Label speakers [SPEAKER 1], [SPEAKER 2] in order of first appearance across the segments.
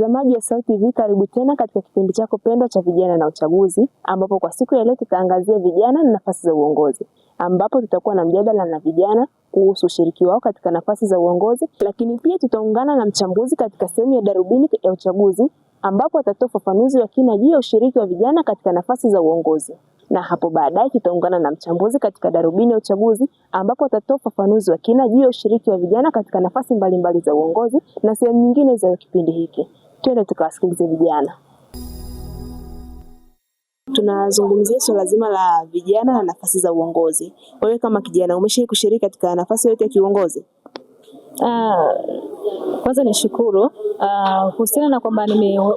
[SPEAKER 1] Mtazamaji wa Sauti TV, karibu tena katika kipindi chako pendwa cha vijana na uchaguzi, ambapo kwa siku ya leo tutaangazia vijana na nafasi za uongozi, ambapo tutakuwa na mjadala na vijana kuhusu ushiriki wao katika nafasi za uongozi, lakini pia tutaungana na mchambuzi katika sehemu ya darubini ya uchaguzi, ambapo atatoa ufafanuzi wa kina juu ya ushiriki wa vijana katika nafasi za uongozi na hapo baadaye tutaungana na mchambuzi katika darubini ya uchaguzi ambapo atatoa ufafanuzi wa kina juu ya ushiriki wa vijana katika nafasi mbalimbali za uongozi na sehemu nyingine za kipindi hiki twende tukawasikilize vijana.
[SPEAKER 2] Tunazungumzia swala zima la vijana na nafasi za uongozi. Wewe kama kijana umeshawahi kushiriki katika nafasi yote ya kiuongozi?
[SPEAKER 3] Ah, kwanza nishukuru ah, kuhusiana na kwamba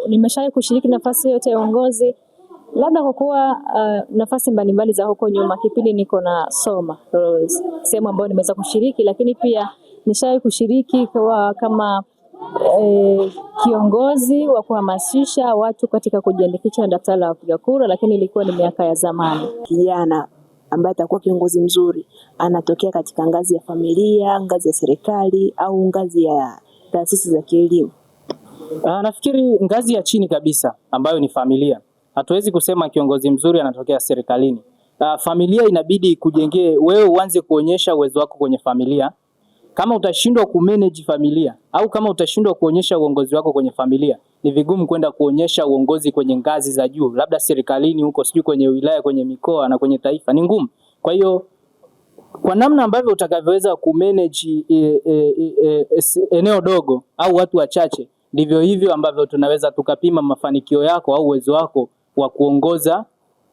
[SPEAKER 3] nimeshawahi kushiriki nafasi yote ya uongozi, labda kwa kuwa uh, nafasi mbalimbali za huko nyuma kipindi niko na soma sehemu ambayo nimeweza kushiriki, lakini pia nishawahi kushiriki kwa kama e, kiongozi wa kuhamasisha watu katika kujiandikisha na daftari la wapiga kura, lakini ilikuwa ni miaka ya zamani.
[SPEAKER 2] Kijana ambaye atakuwa kiongozi mzuri anatokea katika ngazi ya familia, ngazi ya serikali au ngazi ya taasisi za kielimu.
[SPEAKER 4] Ah, nafikiri ngazi ya chini kabisa ambayo ni familia. Hatuwezi kusema kiongozi mzuri anatokea serikalini. Ah, familia inabidi kujengee wewe, uanze kuonyesha uwezo wako kwenye familia kama utashindwa kumanage familia au kama utashindwa kuonyesha uongozi wako kwenye familia, ni vigumu kwenda kuonyesha uongozi kwenye ngazi za juu, labda serikalini huko, sijui kwenye wilaya, kwenye mikoa na kwenye taifa, ni ngumu. Kwa hiyo kwa namna ambavyo utakavyoweza kumanage e, e, e, e eneo dogo au watu wachache, ndivyo hivyo ambavyo tunaweza tukapima mafanikio yako au uwezo wako wa kuongoza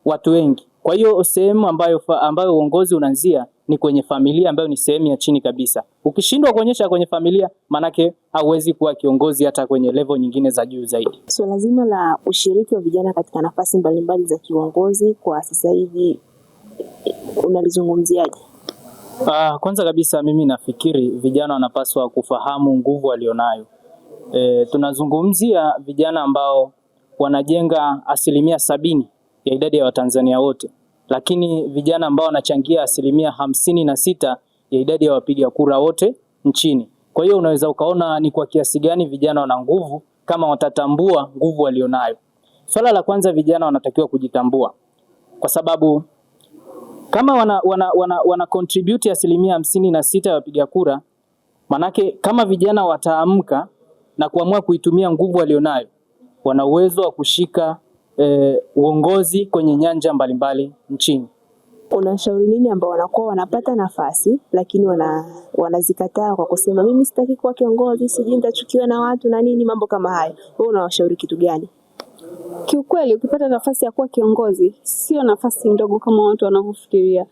[SPEAKER 4] watu wengi. Kwa hiyo sehemu ambayo, ambayo uongozi unaanzia ni kwenye familia ambayo ni sehemu ya chini kabisa. Ukishindwa kuonyesha kwenye familia, maanake hauwezi kuwa kiongozi hata kwenye level nyingine za juu zaidi.
[SPEAKER 2] Suala so, zima la ushiriki wa vijana katika nafasi mbalimbali za kiuongozi kwa sasa hivi unalizungumziaje?
[SPEAKER 4] Ah, kwanza kabisa mimi nafikiri vijana wanapaswa kufahamu nguvu walionayo. E, tunazungumzia vijana ambao wanajenga asilimia sabini ya idadi ya Watanzania wote lakini vijana ambao wanachangia asilimia hamsini na sita ya idadi ya wapiga kura wote nchini. Kwa hiyo unaweza ukaona ni kwa kiasi gani vijana wana nguvu kama watatambua nguvu walionayo. Swala la kwanza, vijana wanatakiwa kujitambua, kwa sababu kama wana, wana, wana, wana contribute asilimia hamsini na sita ya wapiga kura, manake kama vijana wataamka na kuamua kuitumia nguvu walionayo, wana uwezo wa kushika e, uongozi kwenye nyanja mbalimbali nchini.
[SPEAKER 2] Unashauri nini ambao wanakuwa wanapata nafasi lakini wana, wanazikataa kwa kusema mimi sitaki kuwa kiongozi, sijui nitachukiwa na watu na nini, mambo kama hayo. Wewe unawashauri kitu gani?
[SPEAKER 3] Kiukweli, ukipata nafasi ya kuwa kiongozi sio nafasi ndogo kama watu wanavyofikiria.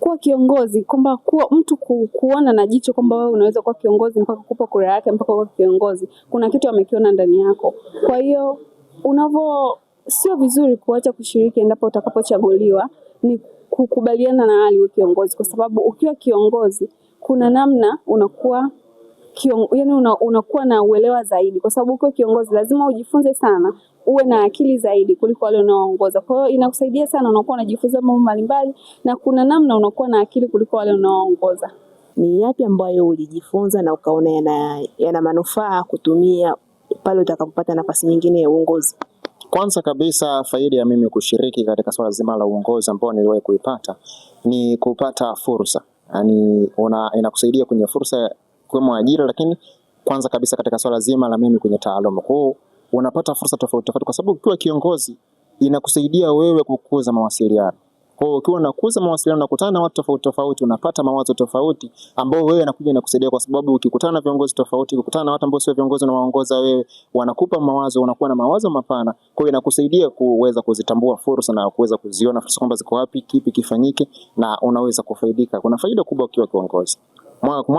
[SPEAKER 3] Kuwa kiongozi kwamba kuwa mtu ku, kuona na jicho kwamba wewe unaweza kuwa kiongozi mpaka kupa kura yake mpaka kuwa kiongozi, kuna kitu amekiona ndani yako. Kwa hiyo unavo sio vizuri kuacha kushiriki endapo utakapochaguliwa, ni kukubaliana na hali ya kiongozi, kwa sababu ukiwa kiongozi kuna namna unakuwa kiong, yani una, unakuwa na uelewa zaidi, kwa sababu ukiwa kiongozi lazima ujifunze sana, uwe na akili zaidi kuliko wale unaoongoza. Kwa hiyo inakusaidia sana, unakuwa unajifunza mambo mbalimbali, na kuna namna unakuwa na akili kuliko wale unaoongoza.
[SPEAKER 2] Ni yapi ambayo ulijifunza na ukaona yana, yana manufaa kutumia pale utakapopata nafasi nyingine ya uongozi?
[SPEAKER 5] Kwanza kabisa faida ya mimi kushiriki katika swala zima la uongozi ambao niliwahi kuipata ni kupata fursa, yaani, una, inakusaidia kwenye fursa kwa ajira, lakini kwanza kabisa katika swala zima la mimi kwenye taaluma. Kwa hiyo unapata fursa tofauti tofauti, kwa sababu ukiwa kiongozi inakusaidia wewe kukuza mawasiliano kwa hiyo ukiwa unakuza mawasiliano, unakutana na watu tofauti tofauti, unapata mawazo tofauti ambao wewe anakuja na kusaidia, kwa sababu ukikutana na viongozi tofauti, ukikutana na watu ambao sio viongozi unawaongoza wewe, wanakupa mawazo, unakuwa na mawazo mapana. Kwa hiyo inakusaidia kuweza kuzitambua fursa na kuweza kuziona fursa kwamba ziko wapi, kipi kifanyike, na unaweza kufaidika. Kuna faida kubwa ukiwa kiongozi.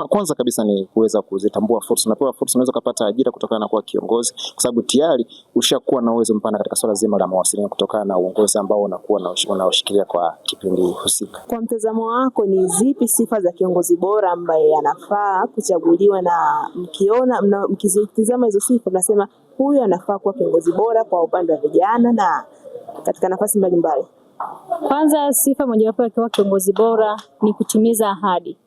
[SPEAKER 5] Kwanza kabisa ni kuweza kuzitambua fursa. Unapewa fursa, unaweza kupata ajira kutokana na kuwa kiongozi, kwa sababu tayari ushakuwa na uwezo mpana katika swala zima la mawasiliano kutokana na uongozi ambao unakuwa unaoshikilia kwa kipindi husika.
[SPEAKER 2] Kwa mtazamo wako, ni zipi sifa za kiongozi bora ambaye anafaa kuchaguliwa? Na mkiona mkizitizama hizo sifa, mnasema huyu anafaa kuwa kiongozi bora kwa upande wa vijana na katika nafasi mbalimbali.
[SPEAKER 3] Kwanza, sifa mojawapo ya kuwa kiongozi bora ni kutimiza ahadi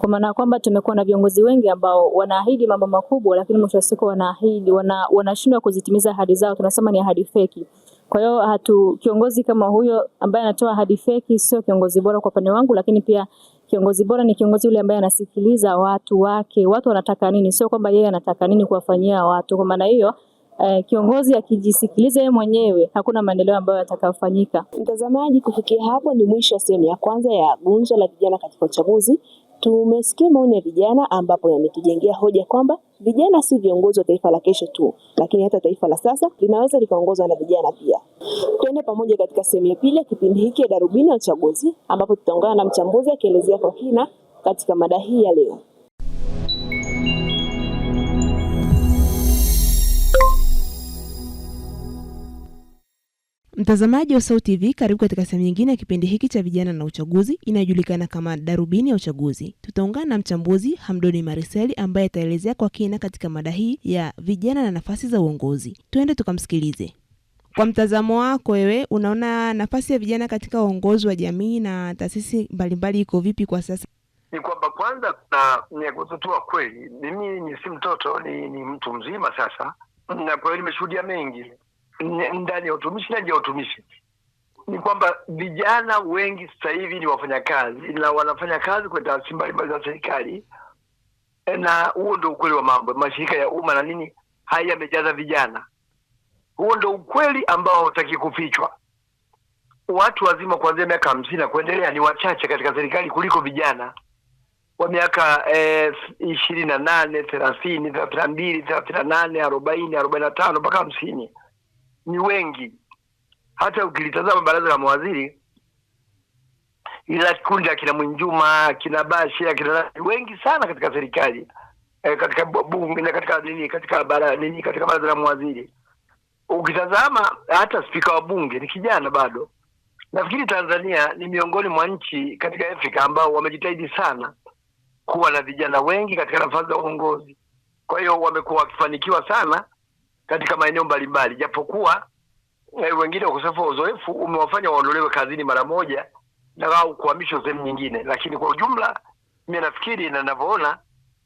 [SPEAKER 3] kwa maana kwamba tumekuwa na viongozi wengi ambao wanaahidi mambo makubwa, lakini mwisho wa siku wanaahidi wanashindwa wana kuzitimiza ahadi zao, tunasema ni ahadi feki. Kwa hiyo hatu kiongozi kama huyo ambaye anatoa ahadi feki sio kiongozi bora kwa upande wangu, lakini pia kiongozi bora ni kiongozi yule ambaye anasikiliza watu wake, watu wanataka nini, sio kwamba yeye anataka nini kuwafanyia watu. Kwa maana hiyo eh, kiongozi akijisikiliza yeye mwenyewe hakuna maendeleo ambayo yatakayofanyika.
[SPEAKER 1] Mtazamaji, kufikia hapo ni mwisho wa sehemu ya kwanza ya gunzo la vijana katika uchaguzi. Tumesikia maoni ya vijana ambapo yametujengea hoja kwamba vijana si viongozi wa taifa la kesho tu, lakini hata taifa la sasa linaweza likaongozwa na vijana pia. Twende pamoja katika sehemu ya pili ya kipindi hiki ya darubini ya uchaguzi, ambapo tutaungana na mchambuzi akielezea kwa kina katika mada hii ya leo.
[SPEAKER 6] Mtazamaji wa Sauti TV, karibu katika sehemu nyingine ya kipindi hiki cha vijana na uchaguzi inayojulikana kama Darubini ya Uchaguzi. Tutaungana na mchambuzi Hamdoni Mariseli ambaye ataelezea kwa kina katika mada hii ya vijana na nafasi za uongozi. Tuende tukamsikilize. Kwa mtazamo wako wewe, unaona nafasi ya vijana katika uongozi wa jamii na taasisi mbalimbali iko vipi kwa sasa?
[SPEAKER 7] Ni kwamba kwanza, na kutotua kweli, mimi ni si mtoto, ni, ni mtu mzima sasa, na kwa hiyo nimeshuhudia mengi ndani ya utumishi na nje ya utumishi ni kwamba vijana wengi sasa hivi ni wafanyakazi na wanafanya kazi kwenye taasisi mbalimbali za serikali, na huo ndo ukweli wa mambo. Mashirika ya umma na nini haya yamejaza vijana, huo ndo ukweli ambao hautaki kufichwa. Watu wazima kuanzia miaka hamsini na kuendelea ni wachache katika serikali kuliko vijana wa miaka eh, ishirini eh, na nane thelathini thelathini na mbili thelathini na nane arobaini arobaini na tano mpaka hamsini ni wengi. Hata ukilitazama baraza la mawaziri ila kundi akina Mwinjuma akina Bashe akina wengi sana katika serikali e, katika bunge na katika nini katika bara nini katika baraza la mawaziri. Ukitazama hata spika wa bunge ni kijana bado. Nafikiri Tanzania ni miongoni mwa nchi katika Afrika ambao wamejitahidi sana kuwa na vijana wengi katika nafasi za uongozi. Kwa hiyo wamekuwa wakifanikiwa sana katika maeneo mbalimbali, japokuwa eh, wengine ukosefu wa uzoefu umewafanya waondolewe kazini mara moja na au kuhamishwa sehemu nyingine, lakini kwa ujumla mimi nafikiri na ninavyoona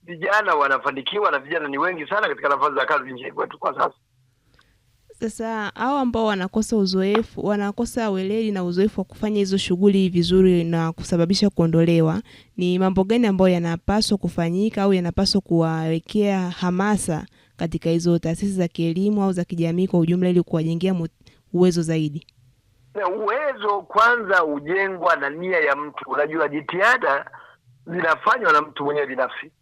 [SPEAKER 7] vijana wanafanikiwa na vijana ni wengi sana katika nafasi za kazi nchini kwetu kwa sasa.
[SPEAKER 8] Sasa hao ambao wanakosa uzoefu, wanakosa weledi na uzoefu wa kufanya hizo shughuli vizuri na kusababisha kuondolewa, ni mambo gani ambayo yanapaswa kufanyika au yanapaswa kuwawekea hamasa katika hizo taasisi za kielimu au za kijamii kwa ujumla, ili kuwajengea uwezo zaidi?
[SPEAKER 7] Na uwezo kwanza ujengwa na nia ya mtu. Unajua, jitihada zinafanywa na mtu mwenyewe binafsi,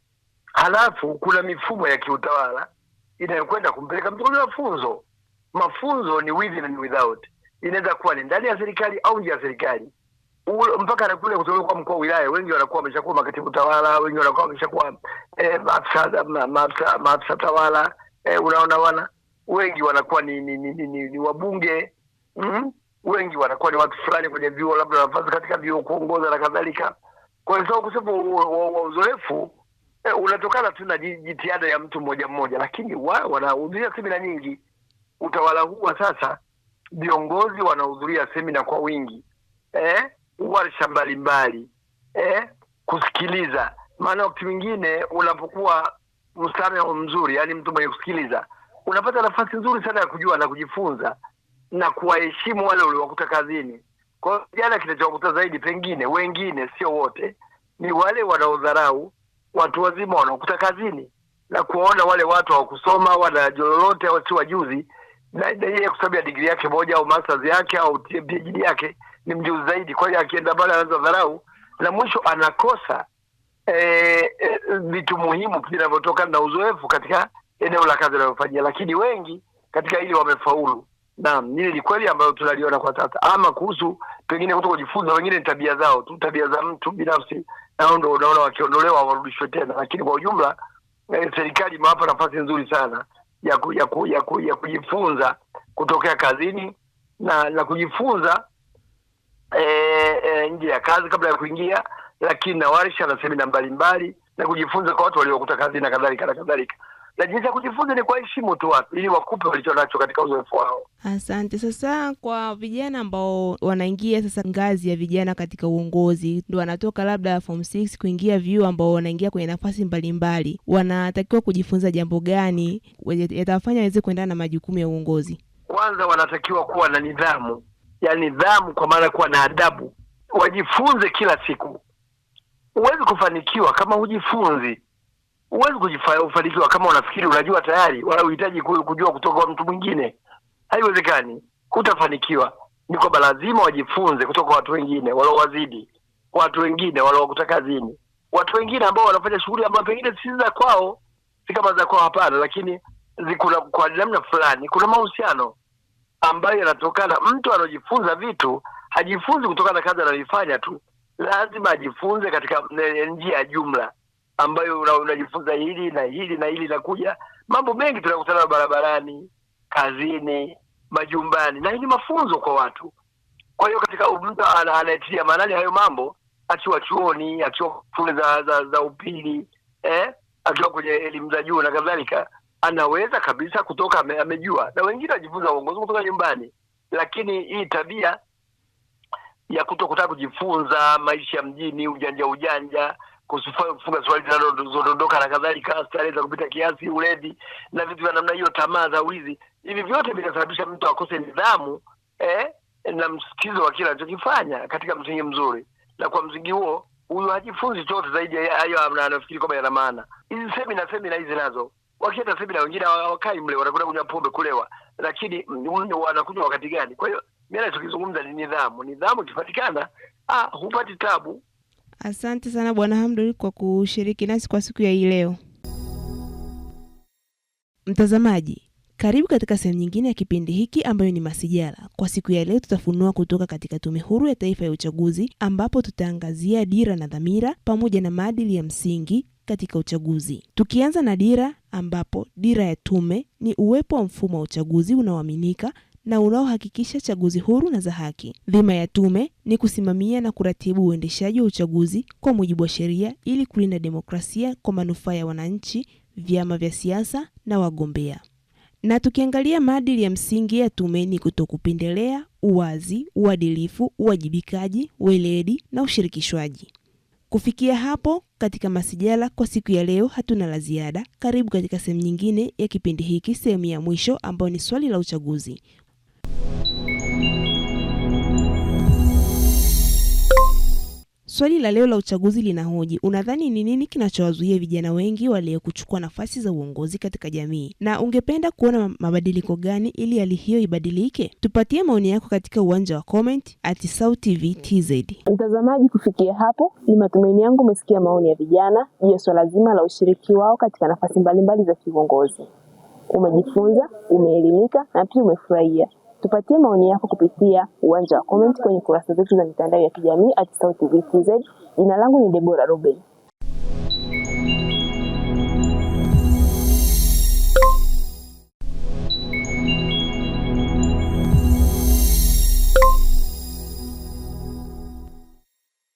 [SPEAKER 7] halafu kuna mifumo ya kiutawala inayokwenda kumpeleka mtu kwenye mafunzo. Mafunzo ni within and without, inaweza kuwa ni ndani ya serikali au nje ya serikali mpaka anakuja kuteuliwa kwa mkuu wa wilaya, wengi wanakuwa wameshakuwa makatibu tawala, wengi wanakuwa wameshakuwa eh, maafisa tawala eh, unaona wana wengi wanakuwa ni, ni, ni, ni, ni, ni wabunge mm -hmm. wengi wanakuwa ni watu fulani kwenye vyuo, labda nafasi katika vyuo kuongoza na kadhalika. Kwa hiyo ukosefu wa uzoefu eh, unatokana tu na jitihada ya mtu mmoja mmoja, lakini wa, wanahudhuria semina nyingi. Utawala huu wa sasa viongozi wanahudhuria semina kwa wingi eh? warsha mbalimbali eh, kusikiliza. Maana wakati mwingine unapokuwa msamiha mzuri, yani mtu mwenye kusikiliza, unapata nafasi nzuri sana ya kujua na kujifunza na kuwaheshimu wale uliowakuta kazini. Kwa hiyo jana, kinachowakuta zaidi pengine, wengine sio wote, ni wale wanaodharau watu wazima wanaokuta kazini na kuwaona wale watu hawakusoma wanajololote au si wajuzi, na yeye kusabia digrii yake moja au masters yake au PhD yake ni mjuu zaidi, kwa hiyo akienda pale anaanza dharau na mwisho anakosa vitu e, e, muhimu vinavyotokana na uzoefu katika eneo la kazi anayofanyia, lakini wengi katika hili wamefaulu. Naam, hili ni kweli ambayo tunaliona kwa sasa. Ama kuhusu pengine kuto kujifunza, wengine ni tabia zao tu, tabia za mtu binafsi, nao ndo unaona wakiondolewa warudishwe tena. Lakini kwa ujumla eh, serikali imewapa nafasi nzuri sana ya, ku, ya, ku, ya, ku, ya kujifunza kutokea kazini na, na kujifunza e, e, nje ya kazi kabla ya kuingia, lakini na warsha na semina mbalimbali na kujifunza kwa watu waliokuta kazi na kadhalika na kadhalika na jinsi ya kujifunza ni kuwaheshimu tu watu ili wakupe walicho nacho katika uzoefu wao.
[SPEAKER 6] Asante. Sasa kwa vijana ambao wanaingia sasa ngazi ya vijana katika uongozi, ndo wanatoka labda form 6 kuingia vyuo, ambao wanaingia kwenye nafasi mbalimbali, wanatakiwa kujifunza jambo gani yatawafanya waweze kuendana na majukumu ya uongozi?
[SPEAKER 7] Kwanza wanatakiwa kuwa na nidhamu ya nidhamu, kwa maana kuwa na adabu, wajifunze kila siku. Huwezi kufanikiwa kama hujifunzi. Huwezi kufanikiwa kama unafikiri unajua tayari, wala uhitaji kujua kutoka kwa mtu mwingine. Haiwezekani, hutafanikiwa. Ni kwamba lazima wajifunze kutoka kwa watu wengine waliowazidi, watu wengine waliowakuta kazini, watu wengine ambao wanafanya shughuli ambazo pengine si za kwao, si kama za kwao, hapana, lakini zikuna, kwa namna fulani kuna mahusiano ambayo yanatokana, mtu anaojifunza vitu hajifunzi kutokana na kazi anayoifanya tu, lazima ajifunze katika eh, eh, njia ya jumla ambayo unajifunza hili na hili na hili. Inakuja mambo mengi tunakutana na barabarani, kazini, majumbani, na hii ni mafunzo kwa watu. Kwa hiyo katika mtu anayetilia maanani hayo mambo akiwa chuoni, akiwa shule za, za, za upili eh, akiwa kwenye elimu za juu na kadhalika anaweza kabisa kutoka amejua, na wengine wajifunza uongozi kutoka nyumbani, lakini hii tabia ya kuto kutaka kujifunza maisha ya mjini, ujanja ujanja, kufunga swali zinazodondoka na kadhalika, starehe za kupita kiasi, ulevi na vitu vya namna hiyo, tamaa za wizi, hivi vyote vinasababisha mtu akose nidhamu eh, na msikizo wa kile anachokifanya katika msingi mzuri, na kwa msingi huo huyu hajifunzi chote zaidi ya hayo anafikiri kwamba yana maana. Hizi semina semina hizi nazo wakienda na wengine hawakai mle, wanakwenda kunywa pombe kulewa, lakini wanakunywa wakati gani? Kwa hiyo mimi nachokizungumza ni nidhamu. Nidhamu ikipatikana, ah, hupati tabu.
[SPEAKER 6] Asante sana Bwana Hamdul kwa kushiriki nasi kwa siku ya hii leo. Mtazamaji, karibu katika sehemu nyingine ya kipindi hiki ambayo ni Masijala. Kwa siku ya leo tutafunua kutoka katika Tume Huru ya Taifa ya Uchaguzi ambapo tutaangazia dira na dhamira pamoja na maadili ya msingi katika uchaguzi. Tukianza na dira, ambapo dira ya tume ni uwepo wa mfumo wa uchaguzi unaoaminika na unaohakikisha chaguzi huru na za haki. Dhima ya tume ni kusimamia na kuratibu uendeshaji wa uchaguzi kwa mujibu wa sheria ili kulinda demokrasia kwa manufaa ya wananchi, vyama vya siasa na wagombea. Na tukiangalia maadili ya msingi ya tume ni kutokupendelea, uwazi, uadilifu, uwajibikaji, weledi na ushirikishwaji. Kufikia hapo katika masijala kwa siku ya leo, hatuna la ziada. Karibu katika sehemu nyingine ya kipindi hiki, sehemu ya mwisho ambayo ni swali la uchaguzi. Swali la leo la uchaguzi linahoji, unadhani ni nini kinachowazuia vijana wengi walio kuchukua nafasi za uongozi katika jamii, na ungependa kuona mabadiliko gani ili hali hiyo ibadilike? Tupatie maoni yako katika uwanja wa comment at SauTV
[SPEAKER 1] Mtazamaji, kufikia hapo, ni matumaini yangu umesikia maoni ya vijana juu ya swala zima la ushiriki wao katika nafasi mbalimbali za kiuongozi. Umejifunza, umeelimika na pia umefurahia. Tupatie maoni yako kupitia uwanja wa comment kwenye kurasa zetu za mitandao ya kijamii at Jina langu ni Debora Robin.